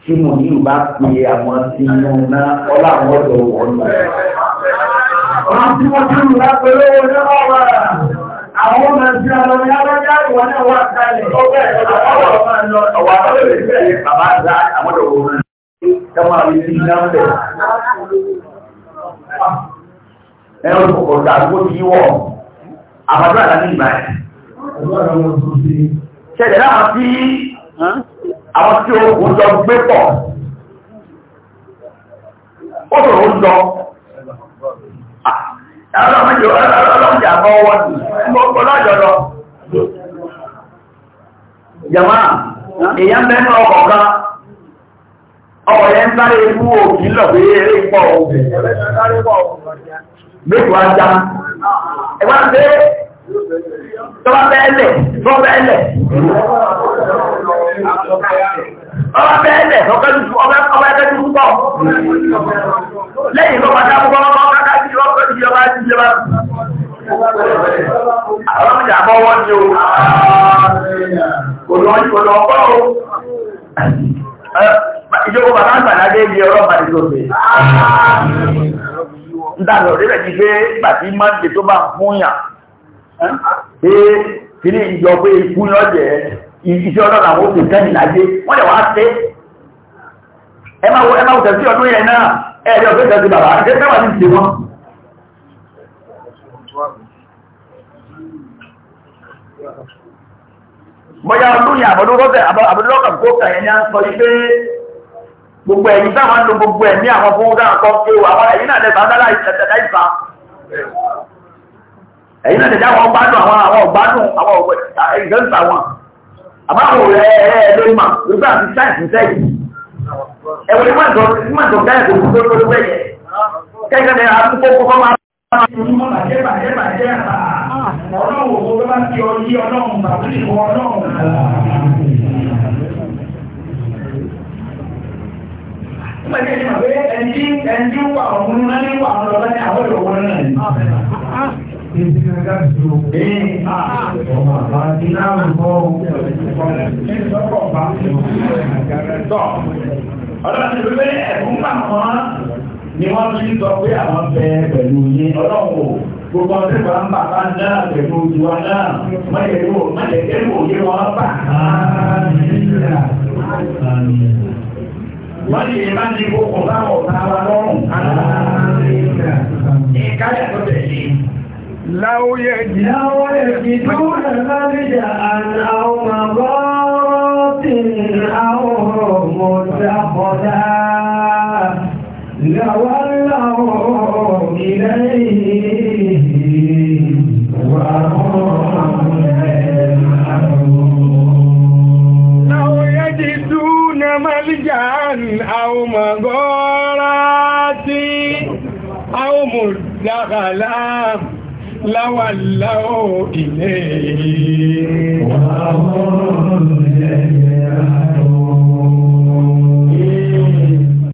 A: tí mo ní ìbá pe àwọn tí mo ná ọlá àwọn ọ̀dọ̀ wọ̀nyí.
B: Wọ́n ti wọ́n ti rú lápẹ̀lẹ́ owó náà wà. àwọn ọmọ ẹgbẹ́ ọlọ́run lábájá ìwọ
A: náà wà kálẹ̀ ọgbẹ́ ọlọ́run ọmọ ẹ̀ lọ ọwọ́ àbẹ̀rẹ̀ bẹ́ẹ̀ bàbá àgbà àwọn ọ̀dọ́ wọn ká máa rí sí iná ń bẹ̀. ẹ o
B: àwọn ọmọ ìjọba ọlọ́run jà bọ́ wọ́n ní gbogbo lọ́jọ́ lọ.
A: jàmá èèyàn bẹ́ẹ̀ ní ọkọ̀ kan ọkọ̀ yẹn ń sáré ikú òkì lọ pé eré pọ̀ o méjì wá
C: já ẹgbẹ́ ṣe
A: tọ́ba bẹ́ẹ̀ lẹ̀ tọ́ba bẹ́ẹ̀ lẹ̀ ọba bẹ́ẹ̀ bẹ́ẹ̀ ọba ẹ̀kẹ́jú ọba ẹ̀kẹ́jú púpọ̀ lẹ́yìn lọ́wọ́ dábúgbọ́ ọba ọba ẹ̀kẹ́jú ọba ẹ̀kẹ́jú ọba ẹ̀kẹ́jú ọba àwọn ọmọdé àbọ̀wọ́ ni o kò lọ́ọ́ kò lọ́ọ́ pọ́ o ìjọba bàbá àgbàlagé ni ọlọ́pàá ti lóde ń dàgbà òdébẹ̀ ti gbé gbàtí mọ́ndé tó bá ń fún yàn pé kí ni ìjọ pé ikú yọ jẹ́ iṣẹ́ ọlọ́run àwọn òṣèlú kẹ́ni láyé wọ́n lè wá ṣe ẹ máa wo ẹ máa wo tẹ̀sí ọdún yẹn náà ẹ ẹ̀rí ọ̀gbẹ́ tẹ̀sí bàbá ẹ fẹ́ wà ní ìṣe wọn.
B: bóyá ọdún yẹn àbọ̀dúnrọ́bẹ̀ àbọ̀dúnrọ́kà kó kà yẹn ní à ń sọ yìí pé
A: gbogbo ẹ̀yìn táwọn ń lo gbogbo ẹ̀mí àwọn fún dáhùn àbáwò rẹ̀ ẹ̀ lórí mà lórí àti sáyẹ̀sì sẹ́yìn
B: ẹ̀wọ̀n ìmọ̀ ìtọ́ ìmọ̀ ìtọ́ gáyẹ̀ tó kú tó tó wẹ̀yẹ kẹ́kẹ́ ni a
A: tún kókó fọ́n máa Ẹni tí ń wà ọ̀run náà ní wà ọ̀run lọ́lá ní àwọn ìrọ̀wọ̀n náà. Èsì wọ́n ti sọ pé àwọn bẹ pẹ̀lú yín ọlọ́run Gbogbo ọdún bá ń bà bá náà pẹ̀lú ìwà náà. Mọ̀lẹ́kẹ́wò mọ̀lẹ́kẹ́wò yé wọn bà.
B: Wọ́n ti lè ní gbogbo báwọn ọ̀tá
A: لو يجدون ملجأ أو مغارات أو متخذا لولوا إليه لو يجدون ملجأ أو مغارات أو متخذا láwàláwò ilé yìí wà ó lẹ́yìn àtọ́